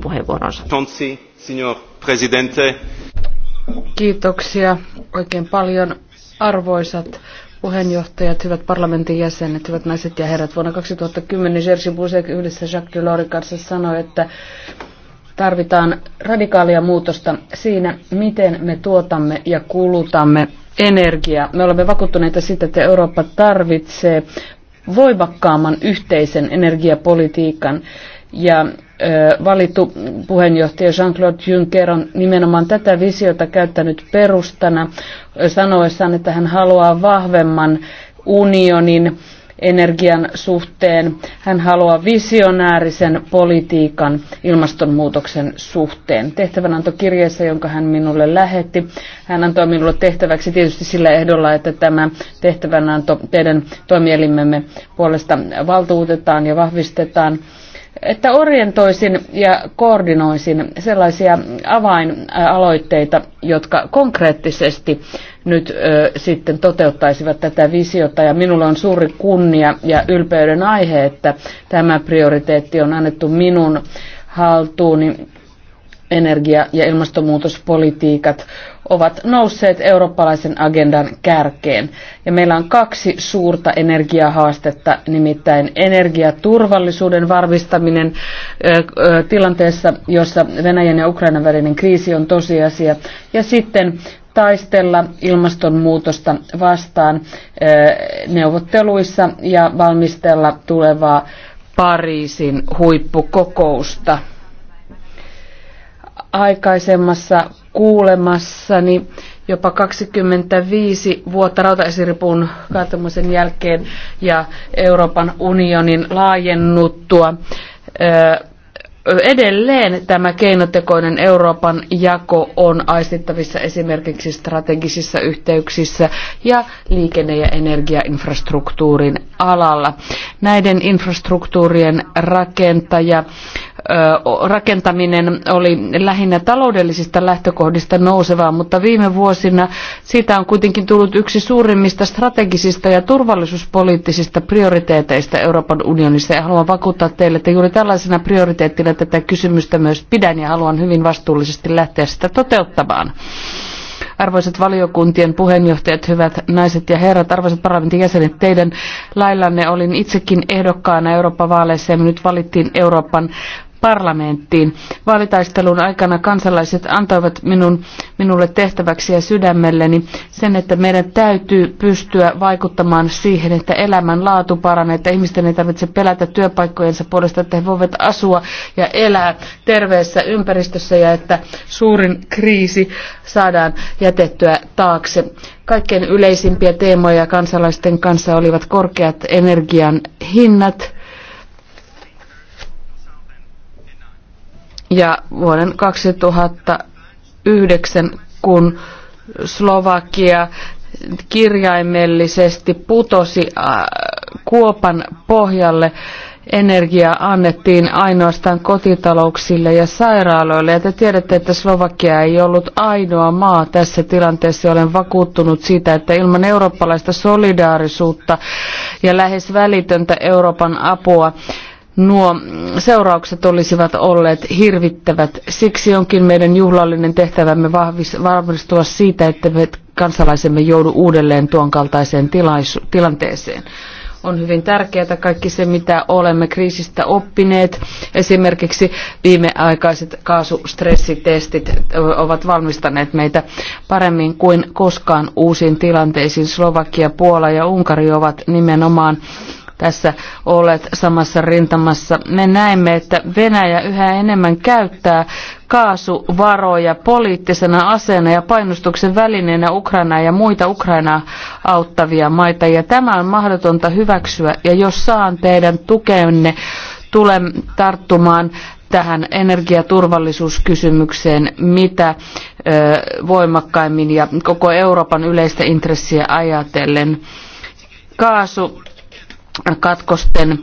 puheenvuoronsa. Kiitoksia oikein paljon arvoisat puheenjohtajat, hyvät parlamentin jäsenet, hyvät naiset ja herrat. Vuonna 2010 Jerzy Buzek yhdessä Jacques Delorsin kanssa sanoi, että tarvitaan radikaalia muutosta siinä, miten me tuotamme ja kulutamme energiaa. Me olemme vakuuttuneita siitä, että Eurooppa tarvitsee voimakkaamman yhteisen energiapolitiikan ja valittu puheenjohtaja Jean-Claude Juncker on nimenomaan tätä visiota käyttänyt perustana sanoessaan, että hän haluaa vahvemman unionin energian suhteen. Hän haluaa visionäärisen politiikan ilmastonmuutoksen suhteen. kirjeessä, jonka hän minulle lähetti, hän antoi minulle tehtäväksi tietysti sillä ehdolla, että tämä tehtävänanto teidän toimielimemme puolesta valtuutetaan ja vahvistetaan että orientoisin ja koordinoisin sellaisia avainaloitteita, jotka konkreettisesti nyt ö, sitten toteuttaisivat tätä visiota. Ja minulla on suuri kunnia ja ylpeyden aihe, että tämä prioriteetti on annettu minun haltuuni energia- ja ilmastonmuutospolitiikat ovat nousseet eurooppalaisen agendan kärkeen. Ja meillä on kaksi suurta energiahaastetta, nimittäin energiaturvallisuuden varmistaminen tilanteessa, jossa Venäjän ja Ukrainan välinen kriisi on tosiasia, ja sitten taistella ilmastonmuutosta vastaan neuvotteluissa ja valmistella tulevaa Pariisin huippukokousta aikaisemmassa kuulemassani jopa 25 vuotta rautaesiripun kaatumisen jälkeen ja Euroopan unionin laajennuttua edelleen tämä keinotekoinen Euroopan jako on aistittavissa esimerkiksi strategisissa yhteyksissä ja liikenne- ja energiainfrastruktuurin alalla. Näiden infrastruktuurien rakentaja, rakentaminen oli lähinnä taloudellisista lähtökohdista nousevaa, mutta viime vuosina siitä on kuitenkin tullut yksi suurimmista strategisista ja turvallisuuspoliittisista prioriteeteista Euroopan unionissa. Ja haluan vakuuttaa teille, että juuri tällaisena prioriteettina minä tätä kysymystä myös pidän ja haluan hyvin vastuullisesti lähteä sitä toteuttamaan. Arvoisat valiokuntien puheenjohtajat, hyvät naiset ja herrat, arvoisat parlamentin jäsenet, teidän laillanne olin itsekin ehdokkaana Euroopan vaaleissa ja nyt valittiin Euroopan parlamenttiin. Vaalitaistelun aikana kansalaiset antoivat minun, minulle tehtäväksi ja sydämelleni sen, että meidän täytyy pystyä vaikuttamaan siihen, että elämän laatu paranee, että ihmisten ei tarvitse pelätä työpaikkojensa puolesta, että he voivat asua ja elää terveessä ympäristössä ja että suurin kriisi saadaan jätettyä taakse. Kaikkein yleisimpiä teemoja kansalaisten kanssa olivat korkeat energian hinnat, Ja vuoden 2009, kun Slovakia kirjaimellisesti putosi äh, kuopan pohjalle, energiaa annettiin ainoastaan kotitalouksille ja sairaaloille. Ja te tiedätte, että Slovakia ei ollut ainoa maa tässä tilanteessa. Olen vakuuttunut siitä, että ilman eurooppalaista solidaarisuutta ja lähes välitöntä Euroopan apua nuo seuraukset olisivat olleet hirvittävät. Siksi onkin meidän juhlallinen tehtävämme varmistua siitä, että me kansalaisemme joudu uudelleen tuon kaltaiseen tilanteeseen on hyvin tärkeää kaikki se, mitä olemme kriisistä oppineet. Esimerkiksi viimeaikaiset kaasustressitestit ovat valmistaneet meitä paremmin kuin koskaan uusiin tilanteisiin. Slovakia, Puola ja Unkari ovat nimenomaan tässä olet samassa rintamassa. Me näemme, että Venäjä yhä enemmän käyttää kaasuvaroja poliittisena aseena ja painostuksen välineenä Ukrainaa ja muita Ukrainaa auttavia maita. Ja tämä on mahdotonta hyväksyä. Ja jos saan teidän tukenne, tulen tarttumaan tähän energiaturvallisuuskysymykseen, mitä ö, voimakkaimmin ja koko Euroopan yleistä intressiä ajatellen. Kaasu katkosten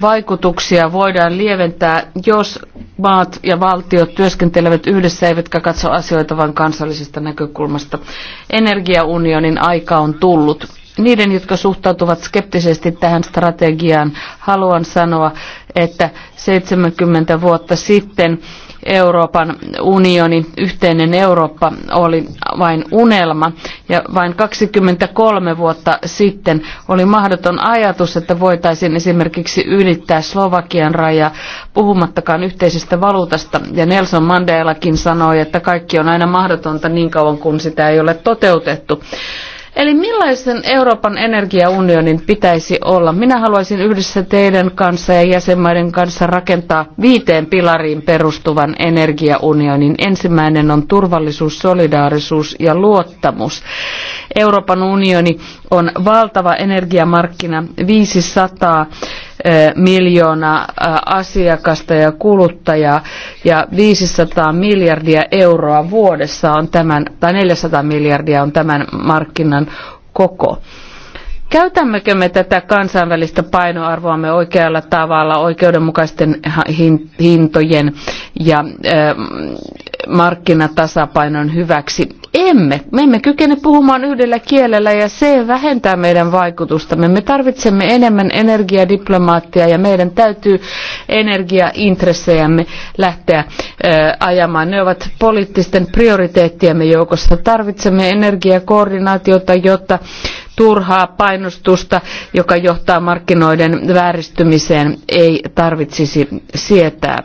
vaikutuksia voidaan lieventää, jos maat ja valtiot työskentelevät yhdessä eivätkä katso asioita vain kansallisesta näkökulmasta. Energiaunionin aika on tullut. Niiden, jotka suhtautuvat skeptisesti tähän strategiaan, haluan sanoa, että 70 vuotta sitten Euroopan unioni, yhteinen Eurooppa oli vain unelma ja vain 23 vuotta sitten oli mahdoton ajatus, että voitaisiin esimerkiksi ylittää Slovakian raja puhumattakaan yhteisestä valuutasta ja Nelson Mandelakin sanoi, että kaikki on aina mahdotonta niin kauan kuin sitä ei ole toteutettu. Eli millaisen Euroopan energiaunionin pitäisi olla? Minä haluaisin yhdessä teidän kanssa ja jäsenmaiden kanssa rakentaa viiteen pilariin perustuvan energiaunionin. Ensimmäinen on turvallisuus, solidaarisuus ja luottamus. Euroopan unioni on valtava energiamarkkina, 500 miljoonaa asiakasta ja kuluttajaa ja 500 miljardia euroa vuodessa on tämän, tai 400 miljardia on tämän markkinan koko. Käytämmekö me tätä kansainvälistä painoarvoamme oikealla tavalla oikeudenmukaisten hintojen ja markkinatasapainon hyväksi. Emme. Me emme kykene puhumaan yhdellä kielellä ja se vähentää meidän vaikutustamme. Me tarvitsemme enemmän energiadiplomaattia ja meidän täytyy energiaintressejämme lähteä ö, ajamaan. Ne ovat poliittisten prioriteettiemme joukossa. Tarvitsemme energiakoordinaatiota, jotta turhaa painostusta, joka johtaa markkinoiden vääristymiseen, ei tarvitsisi sietää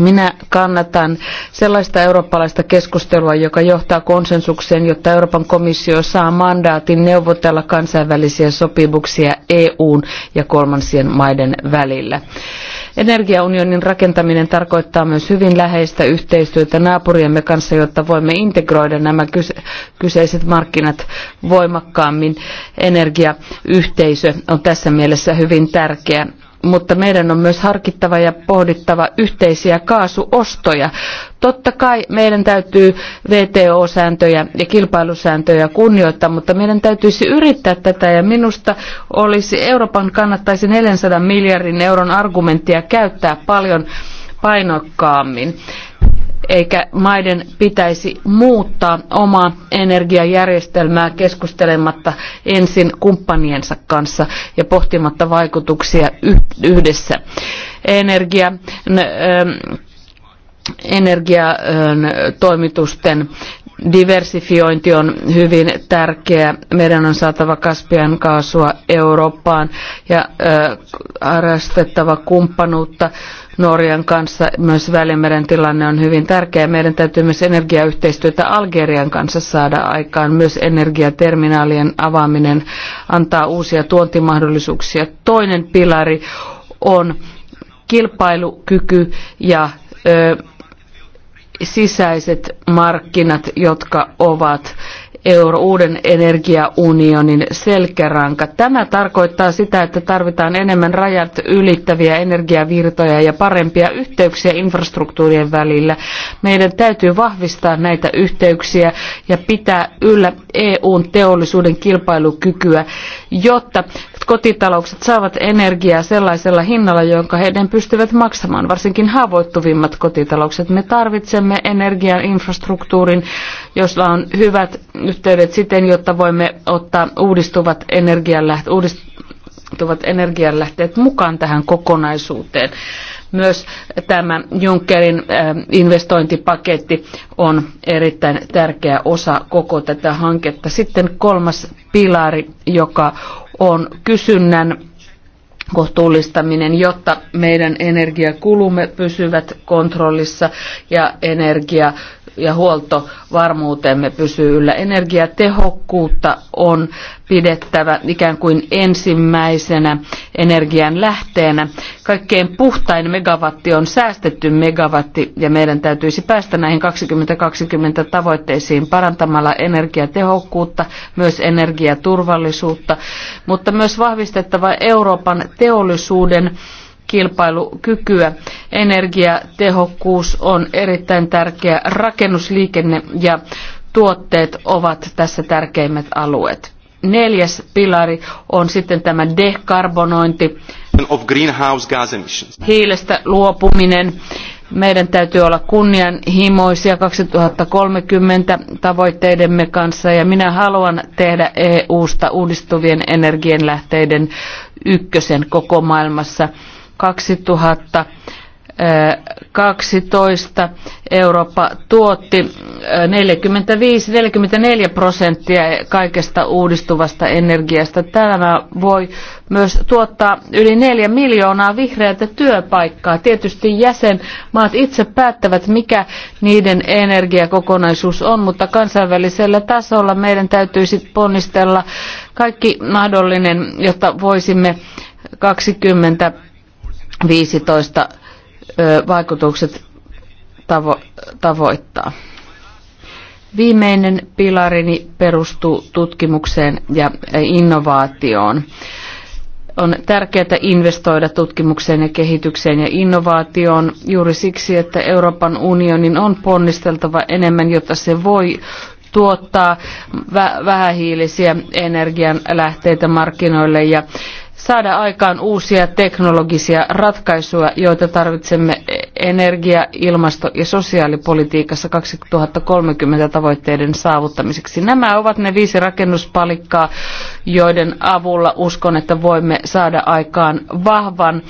minä kannatan sellaista eurooppalaista keskustelua, joka johtaa konsensukseen, jotta Euroopan komissio saa mandaatin neuvotella kansainvälisiä sopimuksia EUn ja kolmansien maiden välillä. Energiaunionin rakentaminen tarkoittaa myös hyvin läheistä yhteistyötä naapuriemme kanssa, jotta voimme integroida nämä kyseiset markkinat voimakkaammin. Energiayhteisö on tässä mielessä hyvin tärkeä mutta meidän on myös harkittava ja pohdittava yhteisiä kaasuostoja. Totta kai meidän täytyy VTO-sääntöjä ja kilpailusääntöjä kunnioittaa, mutta meidän täytyisi yrittää tätä ja minusta olisi Euroopan kannattaisi 400 miljardin euron argumenttia käyttää paljon painokkaammin eikä maiden pitäisi muuttaa omaa energiajärjestelmää keskustelematta ensin kumppaniensa kanssa ja pohtimatta vaikutuksia yhdessä. Energia, energiatoimitusten diversifiointi on hyvin tärkeä. Meidän on saatava Kaspian kaasua Eurooppaan ja harrastettava kumppanuutta Norjan kanssa. Myös Välimeren tilanne on hyvin tärkeä. Meidän täytyy myös energiayhteistyötä Algerian kanssa saada aikaan. Myös energiaterminaalien avaaminen antaa uusia tuontimahdollisuuksia. Toinen pilari on kilpailukyky ja sisäiset markkinat, jotka ovat euro, uuden energiaunionin selkäranka. Tämä tarkoittaa sitä, että tarvitaan enemmän rajat ylittäviä energiavirtoja ja parempia yhteyksiä infrastruktuurien välillä. Meidän täytyy vahvistaa näitä yhteyksiä ja pitää yllä EUn teollisuuden kilpailukykyä, jotta kotitaloukset saavat energiaa sellaisella hinnalla, jonka heidän pystyvät maksamaan, varsinkin haavoittuvimmat kotitaloukset. Me tarvitsemme energian infrastruktuurin, jossa on hyvät yhteydet siten, jotta voimme ottaa uudistuvat energianlähteet, uudistuvat energianlähteet mukaan tähän kokonaisuuteen. Myös tämä Junckerin investointipaketti on erittäin tärkeä osa koko tätä hanketta. Sitten kolmas pilari, joka on kysynnän kohtuullistaminen, jotta meidän energiakulumme pysyvät kontrollissa ja energia ja huoltovarmuutemme pysyy yllä. Energiatehokkuutta on pidettävä ikään kuin ensimmäisenä energian lähteenä. Kaikkein puhtain megawatti on säästetty megawatti ja meidän täytyisi päästä näihin 2020 tavoitteisiin parantamalla energiatehokkuutta, myös energiaturvallisuutta, mutta myös vahvistettava Euroopan teollisuuden kilpailukykyä. Energiatehokkuus on erittäin tärkeä. Rakennusliikenne ja tuotteet ovat tässä tärkeimmät alueet. Neljäs pilari on sitten tämä dekarbonointi, hiilestä luopuminen meidän täytyy olla kunnianhimoisia 2030 tavoitteidemme kanssa ja minä haluan tehdä EU-sta uudistuvien energianlähteiden ykkösen koko maailmassa. 2000 12 Eurooppa tuotti 45-44 prosenttia kaikesta uudistuvasta energiasta. Tämä voi myös tuottaa yli 4 miljoonaa vihreätä työpaikkaa. Tietysti jäsenmaat itse päättävät, mikä niiden energiakokonaisuus on, mutta kansainvälisellä tasolla meidän täytyisi ponnistella kaikki mahdollinen, jotta voisimme 2015 vaikutukset tavo- tavoittaa. Viimeinen pilarini perustuu tutkimukseen ja innovaatioon. On tärkeää investoida tutkimukseen ja kehitykseen ja innovaatioon juuri siksi, että Euroopan unionin on ponnisteltava enemmän, jotta se voi tuottaa vähähiilisiä energianlähteitä markkinoille ja saada aikaan uusia teknologisia ratkaisuja, joita tarvitsemme energia-, ilmasto- ja sosiaalipolitiikassa 2030 tavoitteiden saavuttamiseksi. Nämä ovat ne viisi rakennuspalikkaa, joiden avulla uskon, että voimme saada aikaan vahvan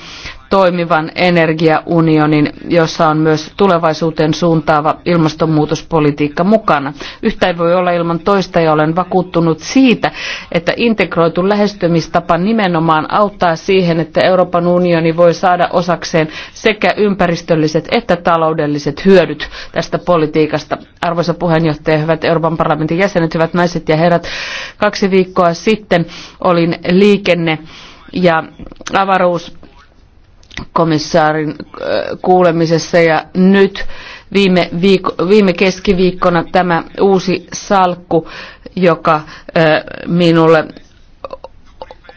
toimivan energiaunionin, jossa on myös tulevaisuuteen suuntaava ilmastonmuutospolitiikka mukana. Yhtä ei voi olla ilman toista ja olen vakuuttunut siitä, että integroitu lähestymistapa nimenomaan auttaa siihen, että Euroopan unioni voi saada osakseen sekä ympäristölliset että taloudelliset hyödyt tästä politiikasta. Arvoisa puheenjohtaja, hyvät Euroopan parlamentin jäsenet, hyvät naiset ja herrat, kaksi viikkoa sitten olin liikenne ja avaruus komissaarin äh, kuulemisessa ja nyt viime, viikko, viime keskiviikkona tämä uusi salkku, joka äh, minulle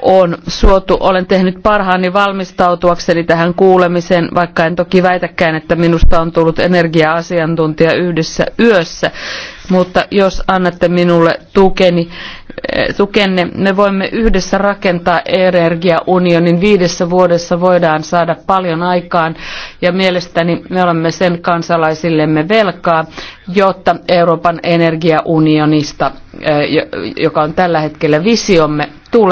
on suotu. Olen tehnyt parhaani valmistautuakseni tähän kuulemiseen, vaikka en toki väitäkään, että minusta on tullut energia-asiantuntija yhdessä yössä. Mutta jos annatte minulle tukeni, tukenne. Me voimme yhdessä rakentaa energiaunionin. Viidessä vuodessa voidaan saada paljon aikaan ja mielestäni me olemme sen kansalaisillemme velkaa, jotta Euroopan energiaunionista, eh, joka on tällä hetkellä visiomme, tulee